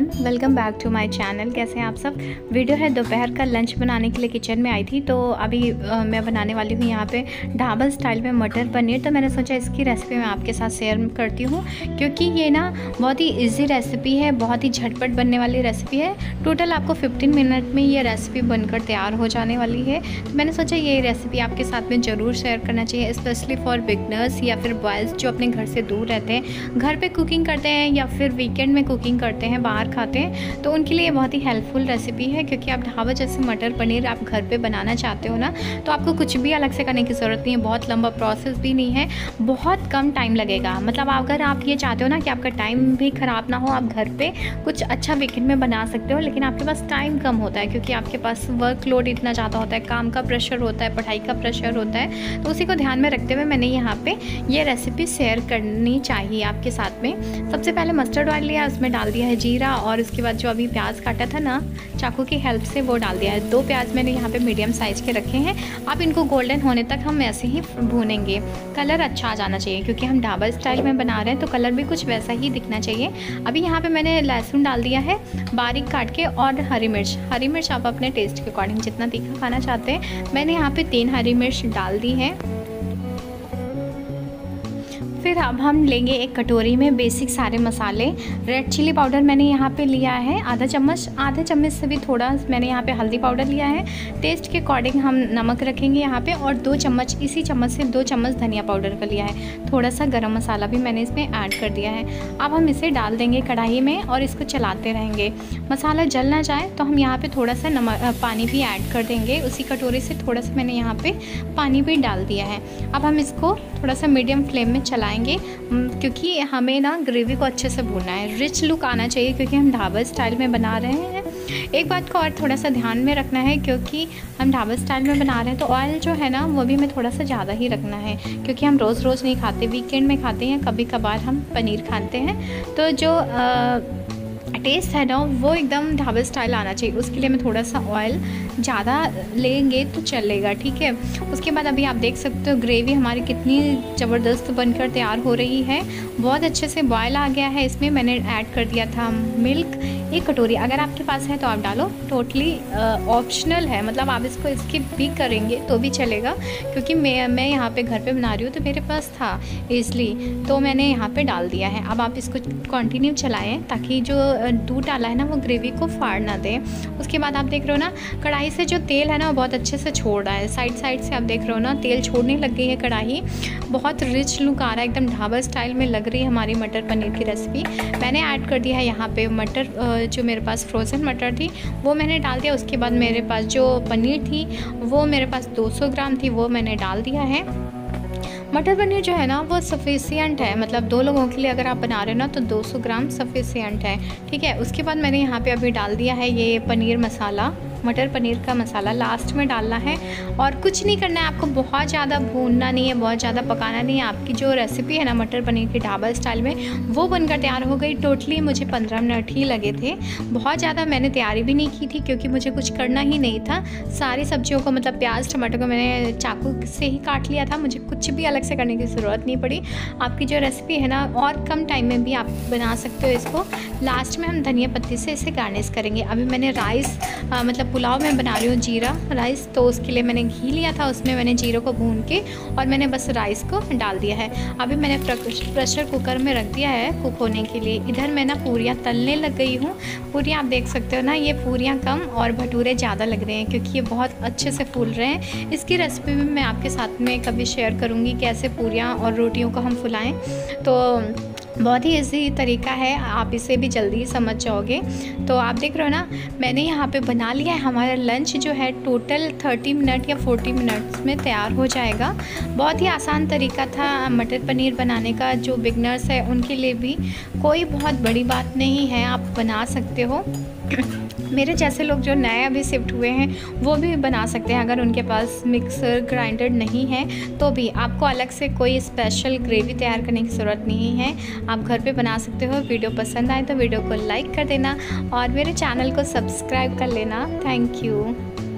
everyone welcome back to my channel कैसे हैं आप सब वीडियो है दोपहर का लंच बनाने के लिए किचन में आई थी तो अभी आ, मैं बनाने वाली हूँ यहाँ पे ढाबल स्टाइल में मटर पनीर तो मैंने सोचा इसकी रेसिपी मैं आपके साथ शेयर करती हूँ क्योंकि ये ना बहुत ही ईजी रेसिपी है बहुत ही झटपट बनने वाली रेसिपी है टोटल आपको फिफ्टीन मिनट में ये रेसिपी बनकर तैयार हो जाने वाली है तो मैंने सोचा ये रेसिपी आपके साथ में ज़रूर शेयर करना चाहिए स्पेशली फॉर बिगनर्स या फिर बॉयज़ जो अपने घर से दूर रहते हैं घर पर कुकिंग करते हैं या फिर वीकेंड में कुकिंग करते हैं बाहर खाते हैं तो उनके लिए बहुत ही हेल्पफुल रेसिपी है क्योंकि आप ढाबा जैसे मटर पनीर आप घर पर बनाना चाहते हो ना तो आपको कुछ भी अलग से करने की ज़रूरत नहीं है बहुत लंबा प्रोसेस भी नहीं है बहुत कम टाइम लगेगा मतलब अगर आप ये चाहते हो ना कि आपका टाइम भी ख़राब ना हो आप घर पर कुछ अच्छा वीकेंड में बना सकते हो लेकिन आपके पास टाइम कम होता है क्योंकि आपके पास वर्क लोड इतना ज़्यादा होता है काम का प्रेशर होता है पढ़ाई का प्रेशर होता है तो उसी को ध्यान में रखते हुए मैंने यहाँ पर ये रेसिपी शेयर करनी चाहिए आपके साथ में सबसे पहले मस्टर्ड ऑयल लिया उसमें डाल दिया है जीरा और उसके बाद जो अभी प्याज काटा था ना चाकू की हेल्प से वो डाल दिया है दो प्याज मैंने यहाँ पे मीडियम साइज़ के रखे हैं आप इनको गोल्डन होने तक हम ऐसे ही भूनेंगे कलर अच्छा आ जाना चाहिए क्योंकि हम ढाबा स्टाइल में बना रहे हैं तो कलर भी कुछ वैसा ही दिखना चाहिए अभी यहाँ पर मैंने लहसुन डाल दिया है बारीक काट के और हरी मिर्च हरी मिर्च आप अपने टेस्ट के अकॉर्डिंग जितना तीखा खाना चाहते हैं मैंने यहाँ पर तीन हरी मिर्च डाल दी है फिर अब हम लेंगे एक कटोरी में बेसिक सारे मसाले रेड चिली पाउडर मैंने यहाँ पे लिया है आधा चम्मच आधा चम्मच से भी थोड़ा मैंने यहाँ पे हल्दी पाउडर लिया है टेस्ट के अकॉर्डिंग हम नमक रखेंगे यहाँ पे और दो चम्मच इसी चम्मच से दो चम्मच धनिया पाउडर का लिया है थोड़ा सा गर्म मसाला भी मैंने इसमें ऐड कर दिया है अब हम इसे डाल देंगे कढ़ाई में और इसको चलाते रहेंगे मसाला जल ना जाए तो हम यहाँ पर थोड़ा सा नमक पानी भी ऐड कर देंगे उसी कटोरी से थोड़ा सा मैंने यहाँ पर पानी भी डाल दिया है अब हम इसको थोड़ा सा मीडियम फ्लेम में चला लगाएंगे क्योंकि हमें ना ग्रेवी को अच्छे से भूनना है रिच लुक आना चाहिए क्योंकि हम ढाबा स्टाइल में बना रहे हैं एक बात को और थोड़ा सा ध्यान में रखना है क्योंकि हम ढाबा स्टाइल में बना रहे हैं तो ऑयल जो है ना वो भी हमें थोड़ा सा ज़्यादा ही रखना है क्योंकि हम रोज़ रोज़ नहीं खाते वीकेंड में खाते हैं कभी कभार हम पनीर खाते हैं तो जो आ, टेस्ट है ना वो एकदम ढाबे स्टाइल आना चाहिए उसके लिए मैं थोड़ा सा ऑयल ज़्यादा लेंगे तो चलेगा ठीक है उसके बाद अभी आप देख सकते हो ग्रेवी हमारी कितनी ज़बरदस्त बनकर तैयार हो रही है बहुत अच्छे से बॉयल आ गया है इसमें मैंने ऐड कर दिया था मिल्क एक कटोरी अगर आपके पास है तो आप डालो टोटली ऑप्शनल uh, है मतलब आप इसको स्किप भी करेंगे तो भी चलेगा क्योंकि मैं मैं यहाँ पे घर पे बना रही हूँ तो मेरे पास था इसलिए तो मैंने यहाँ पे डाल दिया है अब आप इसको कंटिन्यू चलाएं ताकि जो uh, दूध डाला है ना वो ग्रेवी को फाड़ ना दें उसके बाद आप देख रहे हो ना कढ़ाई से जो तेल है ना वो बहुत अच्छे से छोड़ रहा है साइड साइड से आप देख रहे हो ना तेल छोड़ने लग गई है कढ़ाई बहुत रिच लुक आ रहा है एकदम ढाबा स्टाइल में लग रही है हमारी मटर पनीर की रेसिपी मैंने ऐड कर दिया है यहाँ पर मटर uh, जो मेरे पास फ्रोज़न मटर थी वो मैंने डाल दिया उसके बाद मेरे पास जो पनीर थी वो मेरे पास 200 ग्राम थी वो मैंने डाल दिया है मटर पनीर जो है ना वो सफिशियंट है मतलब दो लोगों के लिए अगर आप बना रहे हो ना तो 200 ग्राम सफिशियंट है ठीक है उसके बाद मैंने यहाँ पे अभी डाल दिया है ये पनीर मसाला मटर पनीर का मसाला लास्ट में डालना है और कुछ नहीं करना है आपको बहुत ज़्यादा भूनना नहीं है बहुत ज़्यादा पकाना नहीं है आपकी जो रेसिपी है ना मटर पनीर की ढाबा स्टाइल में वो बनकर तैयार हो गई टोटली मुझे पंद्रह मिनट ही लगे थे बहुत ज़्यादा मैंने तैयारी भी नहीं की थी क्योंकि मुझे कुछ करना ही नहीं था सारी सब्जियों को मतलब प्याज टमाटर को मैंने चाकू से ही काट लिया था मुझे कुछ भी अलग से करने की ज़रूरत नहीं पड़ी आपकी जो रेसिपी है ना और कम टाइम में भी आप बना सकते हो इसको लास्ट में हम धनिया पत्ती से इसे गार्निश करेंगे अभी मैंने राइस आ, मतलब पुलाव में बना रही हूँ जीरा राइस तो उसके लिए मैंने घी लिया था उसमें मैंने जीरो को भून के और मैंने बस राइस को डाल दिया है अभी मैंने प्रेशर कुकर में रख दिया है कुक होने के लिए इधर मैं ना पूरियाँ तलने लग गई हूँ पूरियाँ आप देख सकते हो ना ये पूरियाँ कम और भटूरे ज़्यादा लग रहे हैं क्योंकि ये बहुत अच्छे से फूल रहे हैं इसकी रेसिपी भी मैं आपके साथ में कभी शेयर करूँगी कैसे पूरियाँ और रोटियों को हम फुलाएँ तो बहुत ही ईजी तरीका है आप इसे भी जल्दी समझ जाओगे तो आप देख रहे हो ना मैंने यहाँ पे बना लिया है हमारा लंच जो है टोटल 30 मिनट या 40 मिनट्स में तैयार हो जाएगा बहुत ही आसान तरीका था मटर पनीर बनाने का जो बिगनर्स है उनके लिए भी कोई बहुत बड़ी बात नहीं है आप बना सकते हो मेरे जैसे लोग जो नए अभी शिफ्ट हुए हैं वो भी बना सकते हैं अगर उनके पास मिक्सर ग्राइंडर नहीं है तो भी आपको अलग से कोई स्पेशल ग्रेवी तैयार करने की ज़रूरत नहीं है आप घर पे बना सकते हो वीडियो पसंद आए तो वीडियो को लाइक कर देना और मेरे चैनल को सब्सक्राइब कर लेना थैंक यू